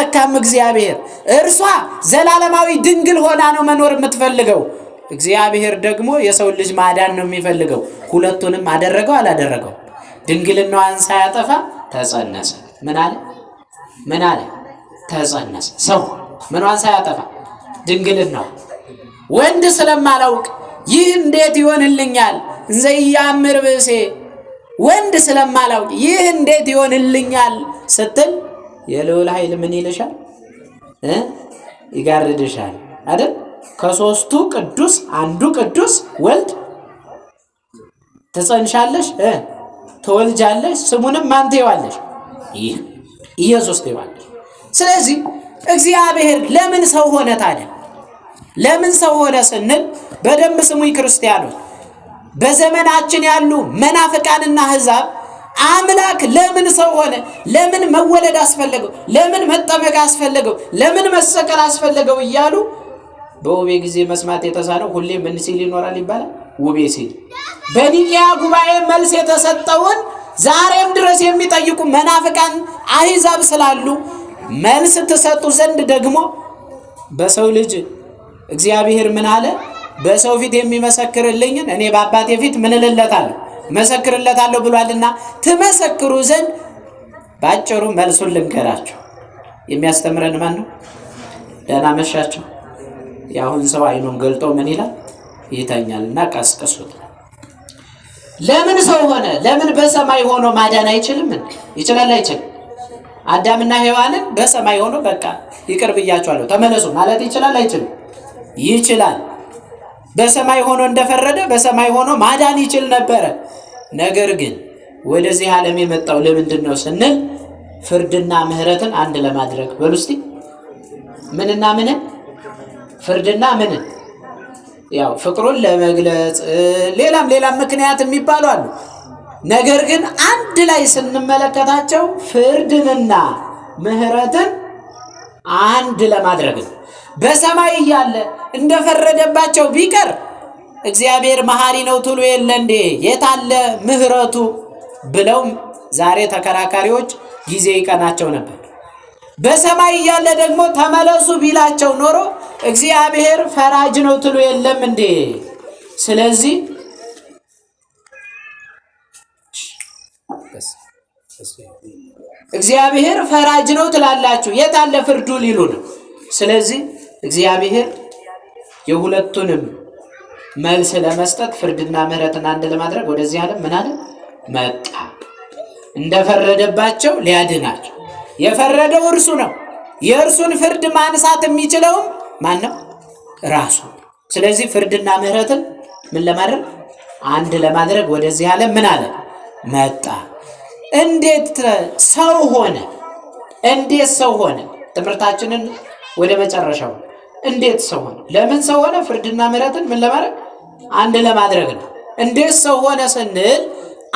አይመካም እግዚአብሔር። እርሷ ዘላለማዊ ድንግል ሆና ነው መኖር የምትፈልገው። እግዚአብሔር ደግሞ የሰው ልጅ ማዳን ነው የሚፈልገው። ሁለቱንም አደረገው አላደረገው። ድንግልናዋን ሳያጠፋ ተጸነሰ። ምን አለ ምን አለ? ተጸነሰ። ሰው ምኗን ሳያጠፋ ድንግልናዋ። ወንድ ስለማላውቅ ይህ እንዴት ይሆንልኛል? ያምር ብእሴ ወንድ ስለማላውቅ ይህ እንዴት ይሆንልኛል ስትል የልዑል ኃይል ምን ይልሻል? ይጋርድሻል አይደል? ከሶስቱ ቅዱስ አንዱ ቅዱስ ወልድ ትጸንሻለሽ፣ ትወልጃለሽ፣ ስሙንም ማን ትይዋለሽ? ኢየሱስ ትይዋለሽ። ስለዚህ እግዚአብሔር ለምን ሰው ሆነ ታዲያ? ለምን ሰው ሆነ ስንል በደንብ ስሙኝ ክርስቲያኖች፣ በዘመናችን ያሉ መናፍቃንና ህዛብ አምላክ ለምን ሰው ሆነ? ለምን መወለድ አስፈለገው? ለምን መጠመቅ አስፈለገው? ለምን መሰቀል አስፈለገው? እያሉ በውቤ ጊዜ መስማት የተሳነው ሁሌ ምን ሲል ይኖራል ይባላል። ውቤ ሲል በኒቅያ ጉባኤ መልስ የተሰጠውን ዛሬም ድረስ የሚጠይቁ መናፍቃን አሕዛብ ስላሉ መልስ ትሰጡ ዘንድ ደግሞ በሰው ልጅ እግዚአብሔር ምን አለ? በሰው ፊት የሚመሰክርልኝን እኔ በአባቴ ፊት ምን እልለታለሁ መሰክርለታለሁ ብሏልና ትመሰክሩ ዘንድ በአጭሩ መልሱን ልንገራቸው። የሚያስተምረን ማን ነው? ደህና መሻቸው። የአሁን ሰው አይኑን ገልጦ ምን ይላል? ይተኛልና ቀስቅሱት። ለምን ሰው ሆነ? ለምን በሰማይ ሆኖ ማዳን አይችልም? ይችላል? አይችልም? አዳምና ሔዋንን በሰማይ ሆኖ በቃ ይቅር ብያቸዋለሁ ተመለሱ ማለት ይችላል? አይችልም? ይችላል። በሰማይ ሆኖ እንደፈረደ በሰማይ ሆኖ ማዳን ይችል ነበረ። ነገር ግን ወደዚህ ዓለም የመጣው ለምንድን ነው ስንል ፍርድና ምህረትን አንድ ለማድረግ በሉ እስቲ። ምንና ምንን? ፍርድና ምንን? ያው ፍቅሩን ለመግለጽ ሌላም ሌላም ምክንያት የሚባሉ አሉ። ነገር ግን አንድ ላይ ስንመለከታቸው ፍርድንና ምህረትን አንድ ለማድረግ ነው። በሰማይ እያለ እንደፈረደባቸው ቢቀር እግዚአብሔር መሐሪ ነው ትሉ የለ እንዴ? የታለ ምሕረቱ ብለው ዛሬ ተከራካሪዎች ጊዜ ይቀናቸው ነበር። በሰማይ እያለ ደግሞ ተመለሱ ቢላቸው ኖሮ እግዚአብሔር ፈራጅ ነው ትሉ የለም እንዴ? ስለዚህ እግዚአብሔር ፈራጅ ነው ትላላችሁ፣ የታለ ፍርዱ ሊሉ ነው። ስለዚህ እግዚአብሔር የሁለቱንም መልስ ለመስጠት ፍርድና ምሕረትን አንድ ለማድረግ ወደዚህ ዓለም ምን አለ መጣ። እንደፈረደባቸው ሊያድናቸው የፈረደው እርሱ ነው። የእርሱን ፍርድ ማንሳት የሚችለውም ማን ነው? ራሱ። ስለዚህ ፍርድና ምሕረትን ምን ለማድረግ አንድ ለማድረግ ወደዚህ ዓለም ምን አለ መጣ። እንዴት ሰው ሆነ? እንዴት ሰው ሆነ? ትምህርታችንን ወደ መጨረሻው እንዴት ሰው ሆነ? ለምን ሰው ሆነ? ፍርድና ምሕረትን ምን ለማድረግ አንድ ለማድረግ ነው። እንዴት ሰው ሆነ ስንል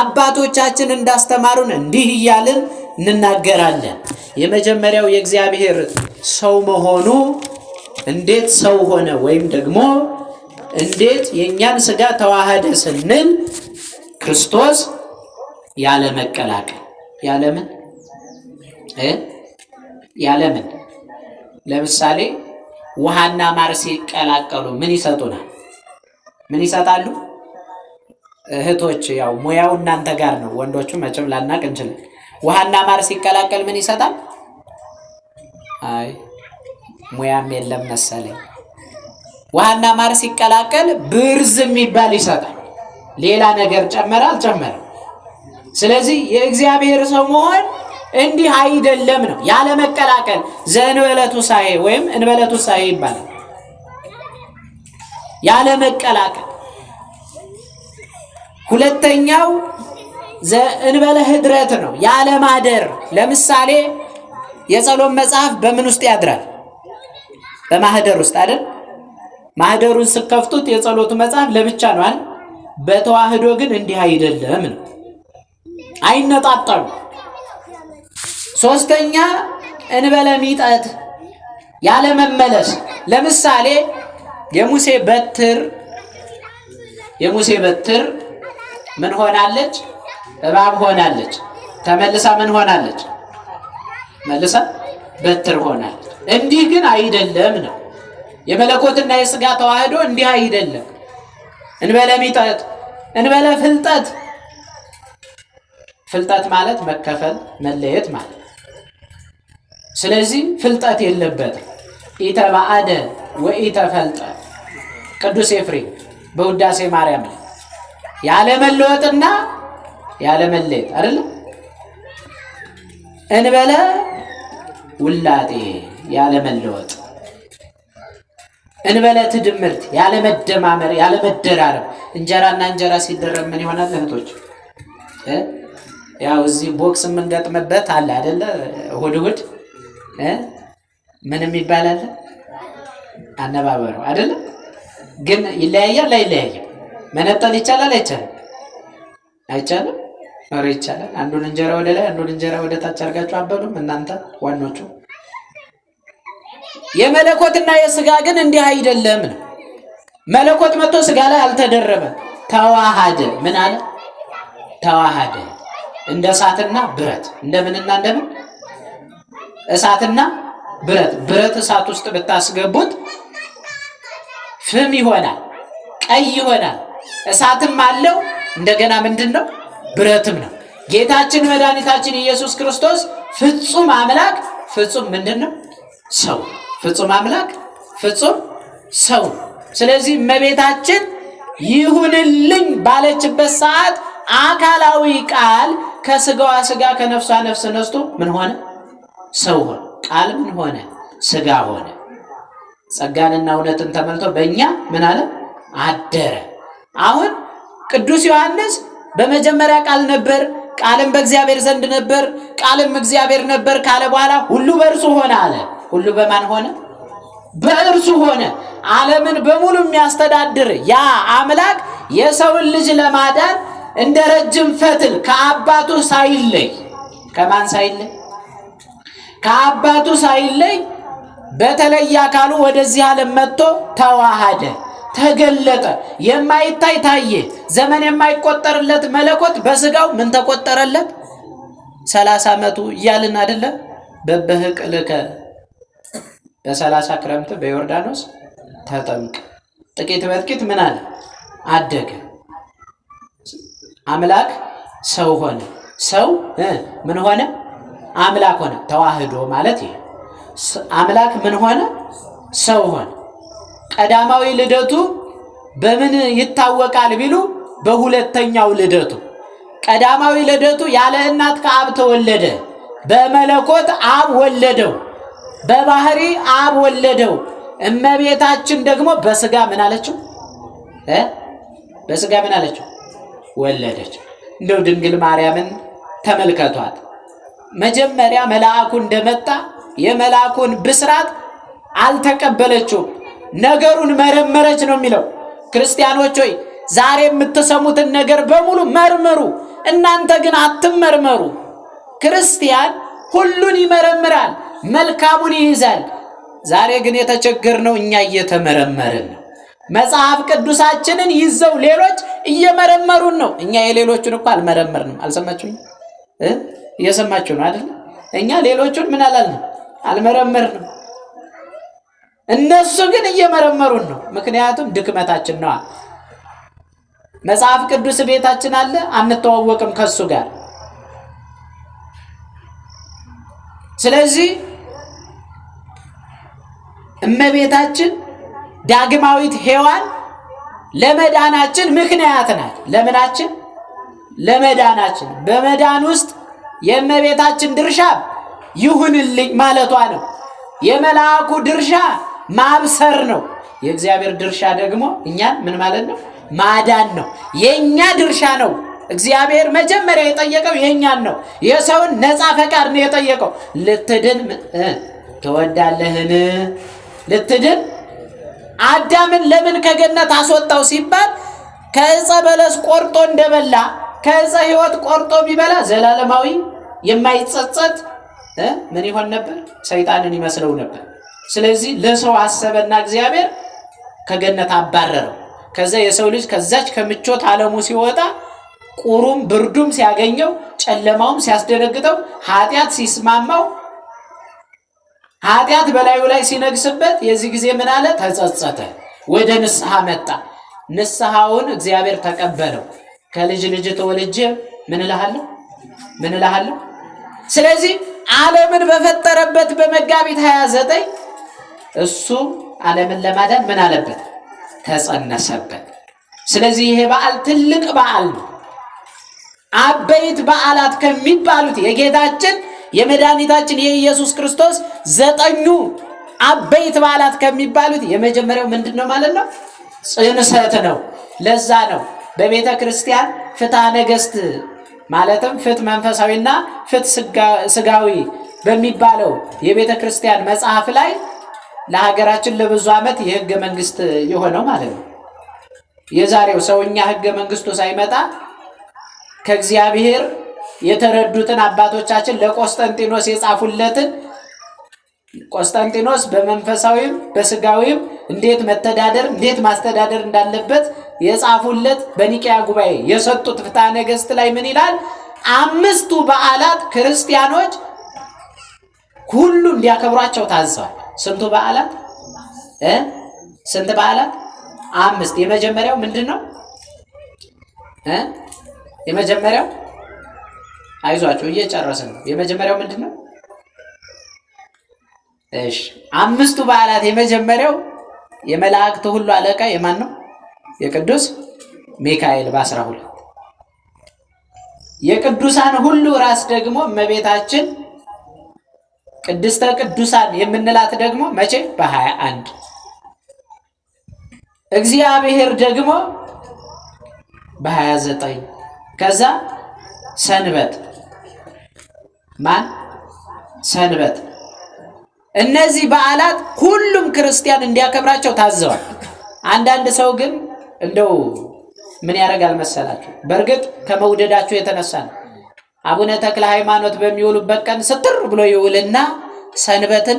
አባቶቻችን እንዳስተማሩን እንዲህ እያልን እንናገራለን። የመጀመሪያው የእግዚአብሔር ሰው መሆኑ እንዴት ሰው ሆነ ወይም ደግሞ እንዴት የእኛን ስጋ ተዋህደ ስንል ክርስቶስ ያለ መቀላቀል ያለምን ያለምን ለምሳሌ ውሃና ማር ሲቀላቀሉ ምን ይሰጡናል? ምን ይሰጣሉ? እህቶች ያው ሙያው እናንተ ጋር ነው። ወንዶቹ መቼም ላናቅ እንችላል። ውሃና ማር ሲቀላቀል ምን ይሰጣል? አይ ሙያም የለም መሰለኝ። ውሃና ማር ሲቀላቀል ብርዝ የሚባል ይሰጣል። ሌላ ነገር ጨመረ አልጨመረም። ስለዚህ የእግዚአብሔር ሰው መሆን እንዲህ አይደለም ነው ያለ መቀላቀል ዘንበለቱ ሳሄ ወይም እንበለቱ ሳሄ ይባላል። ያለ መቀላቀል ሁለተኛው ዘእንበለ ህድረት ነው ያለ ማደር። ለምሳሌ የጸሎት መጽሐፍ በምን ውስጥ ያድራል? በማህደር ውስጥ አይደል? ማህደሩን ስከፍቱት የጸሎቱ መጽሐፍ ለብቻ ነው አይደል? በተዋህዶ ግን እንዲህ አይደለም ነው፣ አይነጣጠሉ ሶስተኛ እንበለ ሚጠት ያለ መመለስ ለምሳሌ የሙሴ በትር የሙሴ በትር ምን ሆናለች? እባብ ሆናለች። ተመልሳ ምን ሆናለች? መልሳ በትር ሆናለች። እንዲህ ግን አይደለም ነው የመለኮትና የስጋ ተዋህዶ እንዲህ አይደለም። እንበለ ሚጠት እንበለ ፍልጠት ፍልጠት ማለት መከፈል መለየት ማለት ስለዚህ ፍልጠት የለበትም። ኢተባአደ ወኢተፈልጠ ቅዱስ ኤፍሬም በውዳሴ ማርያም ላይ ያለመለወጥና ያለመለየት አይደለ እንበለ ውላጤ ያለመለወጥ እንበለ ትድምርት ያለመደማመር ያለመደራረብ። እንጀራና እንጀራ ሲደረብ ምን ይሆናል እህቶች? ያው እዚህ ቦክስ የምንገጥምበት አለ አደለ እሁድ እሁድ ምንም ይባላል አነባበሩ አይደለም። ግን ይለያያል ላይለያይም። መነጠል ይቻላል አይቻልም? አይቻልም። ኖሮ ይቻላል። አንዱን እንጀራ ወደ ላይ አንዱን እንጀራ ወደ ታች አድርጋችሁ አበሉም እናንተ ዋኖቹ። የመለኮትና የስጋ ግን እንዲህ አይደለም ነው። መለኮት መጥቶ ስጋ ላይ አልተደረበ፣ ተዋሃደ። ምን አለ? ተዋሃደ። እንደ እሳትና ብረት እንደምንና እንደምን እሳትና ብረት ብረት እሳት ውስጥ ብታስገቡት ፍም ይሆናል፣ ቀይ ይሆናል። እሳትም አለው እንደገና ምንድን ነው? ብረትም ነው። ጌታችን መድኃኒታችን ኢየሱስ ክርስቶስ ፍጹም አምላክ ፍጹም ምንድን ነው? ሰው። ፍጹም አምላክ ፍጹም ሰው። ስለዚህ እመቤታችን ይሁንልኝ ባለችበት ሰዓት አካላዊ ቃል ከስጋዋ ስጋ ከነፍሷ ነፍስ ነስቶ ምን ሆነ? ሰው ሆነ። ቃል ምን ሆነ? ስጋ ሆነ። ጸጋንና እውነትን ተመልቶ በእኛ ምን አለ? አደረ። አሁን ቅዱስ ዮሐንስ በመጀመሪያ ቃል ነበር፣ ቃልም በእግዚአብሔር ዘንድ ነበር፣ ቃልም እግዚአብሔር ነበር ካለ በኋላ ሁሉ በእርሱ ሆነ አለ። ሁሉ በማን ሆነ? በእርሱ ሆነ። ዓለምን በሙሉ የሚያስተዳድር ያ አምላክ የሰውን ልጅ ለማዳን እንደ ረጅም ፈትል ከአባቱ ሳይለይ ከማን ሳይለይ ከአባቱ ሳይለይ በተለየ አካሉ ወደዚህ ዓለም መጥቶ ተዋሃደ፣ ተገለጠ። የማይታይ ታየ። ዘመን የማይቆጠርለት መለኮት በስጋው ምን ተቆጠረለት? ሰላሳ ዓመቱ እያልን አይደለም። ልከ በሰላሳ ክረምት በዮርዳኖስ ተጠምቅ። ጥቂት በጥቂት ምን አለ? አደገ። አምላክ ሰው ሆነ። ሰው ምን ሆነ? አምላክ ሆነ። ተዋህዶ ማለት ይሄ አምላክ ምን ሆነ? ሰው ሆነ። ቀዳማዊ ልደቱ በምን ይታወቃል ቢሉ በሁለተኛው ልደቱ። ቀዳማዊ ልደቱ ያለ እናት ከአብ ተወለደ። በመለኮት አብ ወለደው፣ በባህሪ አብ ወለደው። እመቤታችን ደግሞ በስጋ ምን አለችው? በስጋ ምን አለችው? ወለደች። እንደው ድንግል ማርያምን ተመልከቷት። መጀመሪያ መልአኩ እንደመጣ የመልአኩን ብስራት አልተቀበለችውም። ነገሩን መረመረች ነው የሚለው። ክርስቲያኖች ሆይ ዛሬ የምትሰሙትን ነገር በሙሉ መርምሩ፣ እናንተ ግን አትመርመሩ። ክርስቲያን ሁሉን ይመረምራል፣ መልካሙን ይይዛል። ዛሬ ግን የተቸገርነው እኛ እየተመረመርን ነው። መጽሐፍ ቅዱሳችንን ይዘው ሌሎች እየመረመሩን ነው። እኛ የሌሎቹን እኮ አልመረመርንም። አልሰማችሁም? እየሰማችሁ ነው አይደል? እኛ ሌሎቹን ምን አላልንም፣ አልመረመርንም። እነሱ ግን እየመረመሩን ነው። ምክንያቱም ድክመታችን ነዋ። መጽሐፍ ቅዱስ ቤታችን አለ፣ አንተዋወቅም ከሱ ጋር። ስለዚህ እመቤታችን ዳግማዊት ሔዋን ለመዳናችን ምክንያት ናት። ለምናችን ለመዳናችን በመዳን ውስጥ የእመቤታችን ድርሻ ይሁንልኝ ማለቷ ነው። የመልአኩ ድርሻ ማብሰር ነው። የእግዚአብሔር ድርሻ ደግሞ እኛን ምን ማለት ነው? ማዳን ነው። የእኛ ድርሻ ነው። እግዚአብሔር መጀመሪያ የጠየቀው የእኛን ነው። የሰውን ነፃ ፈቃድ ነው የጠየቀው። ልትድን ትወዳለህን? ልትድን አዳምን ለምን ከገነት አስወጣው ሲባል ከእፀ በለስ ቆርጦ እንደበላ ከዛ ህይወት ቆርጦ ቢበላ ዘላለማዊ የማይጸጸት ምን ይሆን ነበር? ሰይጣንን ይመስለው ነበር። ስለዚህ ለሰው አሰበና እግዚአብሔር ከገነት አባረረው። ከዛ የሰው ልጅ ከዛች ከምቾት ዓለሙ ሲወጣ ቁሩም ብርዱም ሲያገኘው፣ ጨለማውም ሲያስደነግጠው፣ ኃጢአት ሲስማማው፣ ኃጢአት በላዩ ላይ ሲነግስበት የዚህ ጊዜ ምን አለ? ተጸጸተ፣ ወደ ንስሐ መጣ። ንስሐውን እግዚአብሔር ተቀበለው። ከልጅ ልጅ ተወልጄ ምን እልሃለሁ ምን እልሃለሁ። ስለዚህ ዓለምን በፈጠረበት በመጋቢት 29 እሱ ዓለምን ለማዳን ምን አለበት? ተጸነሰበት። ስለዚህ ይሄ በዓል ትልቅ በዓል ነው። አበይት በዓላት ከሚባሉት የጌታችን የመድኃኒታችን የኢየሱስ ክርስቶስ ዘጠኙ አበይት በዓላት ከሚባሉት የመጀመሪያው ምንድን ነው ማለት ነው? ጽንሰት ነው። ለዛ ነው በቤተ ክርስቲያን ፍትሐ ነገሥት ማለትም ፍትሕ መንፈሳዊና ፍትሕ ስጋዊ በሚባለው የቤተ ክርስቲያን መጽሐፍ ላይ ለሀገራችን ለብዙ ዓመት የህገ መንግስት የሆነው ማለት ነው። የዛሬው ሰውኛ ህገ መንግስቱ ሳይመጣ ከእግዚአብሔር የተረዱትን አባቶቻችን ለቆስጠንጢኖስ የጻፉለትን ቆስጠንጢኖስ በመንፈሳዊም በስጋዊም እንዴት መተዳደር እንዴት ማስተዳደር እንዳለበት የጻፉለት በኒቅያ ጉባኤ የሰጡት ፍትሐ ነገሥት ላይ ምን ይላል? አምስቱ በዓላት ክርስቲያኖች ሁሉ እንዲያከብሯቸው ታዘዋል። ስንቱ በዓላት እ ስንት በዓላት? አምስት። የመጀመሪያው ምንድን ነው? የመጀመሪያው አይዟቸው እየጨረስ ነው። የመጀመሪያው ምንድን ነው? እሺ፣ አምስቱ በዓላት የመጀመሪያው የመላእክት ሁሉ አለቃ የማን ነው? የቅዱስ ሚካኤል በአስራ ሁለት የቅዱሳን ሁሉ ራስ ደግሞ እመቤታችን ቅድስተ ቅዱሳን የምንላት ደግሞ መቼ በሀያ አንድ እግዚአብሔር ደግሞ በሀያ ዘጠኝ ከዛ ሰንበት ማን ሰንበት እነዚህ በዓላት ሁሉም ክርስቲያን እንዲያከብራቸው ታዘዋል። አንዳንድ ሰው ግን እንደው ምን ያደርጋል መሰላችሁ? በእርግጥ ከመውደዳቸው የተነሳ ነው። አቡነ ተክለ ሃይማኖት በሚውሉበት ቀን ስትር ብሎ ይውልና ሰንበትን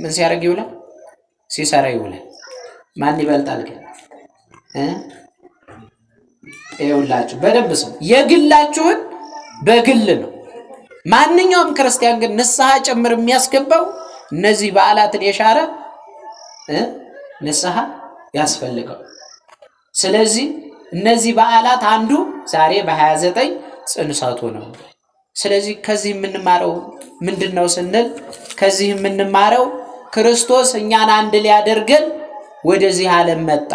ምን ሲያደርግ ይውላል? ሲሰራ ይውላል። ማን ይበልጣል ግን? ይውላችሁ በደንብ ስም የግላችሁን በግል ነው። ማንኛውም ክርስቲያን ግን ንስሐ ጭምር የሚያስገባው እነዚህ በዓላትን የሻረ ንስሐ ያስፈልገው ስለዚህ እነዚህ በዓላት አንዱ ዛሬ በ29 ጽንሰቱ ነው። ስለዚህ ከዚህ የምንማረው ምንድን ነው ስንል ከዚህ የምንማረው ክርስቶስ እኛን አንድ ሊያደርገን ወደዚህ ዓለም መጣ።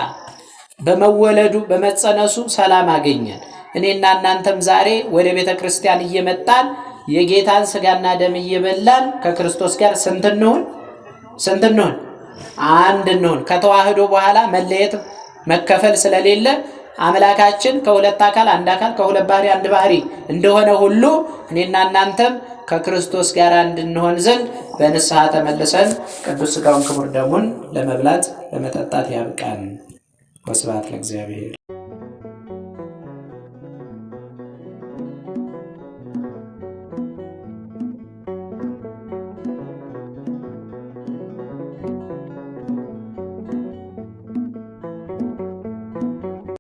በመወለዱ በመጸነሱ ሰላም አገኘን። እኔና እናንተም ዛሬ ወደ ቤተ ክርስቲያን እየመጣን የጌታን ስጋና ደም እየበላን ከክርስቶስ ጋር ስንት እንሁን? ስንት አንድ ከተዋህዶ በኋላ መለየት መከፈል ስለሌለ አምላካችን ከሁለት አካል አንድ አካል ከሁለት ባህሪ አንድ ባህሪ እንደሆነ ሁሉ እኔና እናንተም ከክርስቶስ ጋር እንድንሆን ዘንድ በንስሐ ተመልሰን ቅዱስ ሥጋውን ክቡር ደሙን ለመብላት ለመጠጣት ያብቃን። ወስብሐት ለእግዚአብሔር።